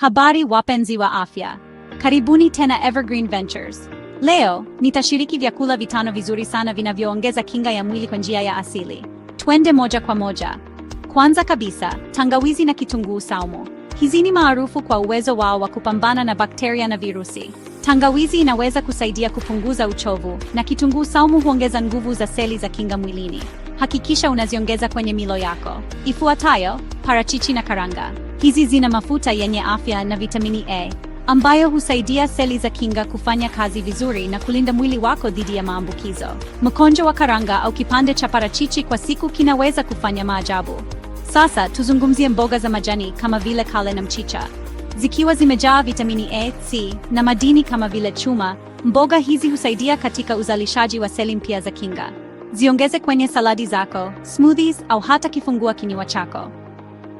Habari wapenzi wa afya, karibuni tena Evergreen Ventures. Leo nitashiriki vyakula vitano vizuri sana vinavyoongeza kinga ya mwili kwa njia ya asili. Twende moja kwa moja. Kwanza kabisa, tangawizi na kitunguu saumu. Hizi ni maarufu kwa uwezo wao wa kupambana na bakteria na virusi. Tangawizi inaweza kusaidia kupunguza uchovu na kitunguu saumu huongeza nguvu za seli za kinga mwilini hakikisha unaziongeza kwenye milo yako. Ifuatayo, parachichi na karanga. Hizi zina mafuta yenye afya na vitamini A ambayo husaidia seli za kinga kufanya kazi vizuri na kulinda mwili wako dhidi ya maambukizo. Mkonjo wa karanga au kipande cha parachichi kwa siku kinaweza kufanya maajabu. Sasa tuzungumzie mboga za majani kama vile kale na mchicha. Zikiwa zimejaa vitamini A, C na madini kama vile chuma, mboga hizi husaidia katika uzalishaji wa seli mpya za kinga. Ziongeze kwenye saladi zako, smoothies au hata kifungua kinywa chako.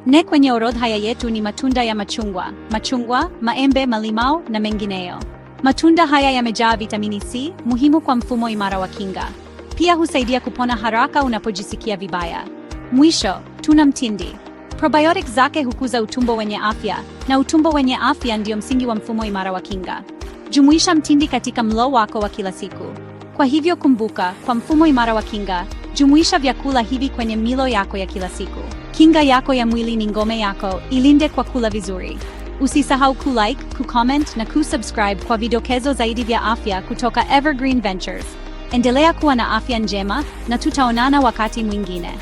Ne kwenye orodha yetu ni matunda ya machungwa, machungwa, maembe, malimao na mengineyo. Matunda haya yamejaa vitamini C, muhimu kwa mfumo imara wa kinga. Pia husaidia kupona haraka unapojisikia vibaya. Mwisho, tuna mtindi. Probiotic zake hukuza utumbo wenye afya, na utumbo wenye afya ndio msingi wa mfumo imara wa kinga. Jumuisha mtindi katika mlo wako wa kila siku. Kwa hivyo kumbuka, kwa mfumo imara wa kinga, jumuisha vyakula hivi kwenye milo yako ya kila siku. Kinga yako ya mwili ni ngome yako, ilinde kwa kula vizuri. Usisahau kulike, kucomment na kusubscribe kwa vidokezo zaidi vya afya kutoka Evergreen Ventures. Endelea kuwa na afya njema na tutaonana wakati mwingine.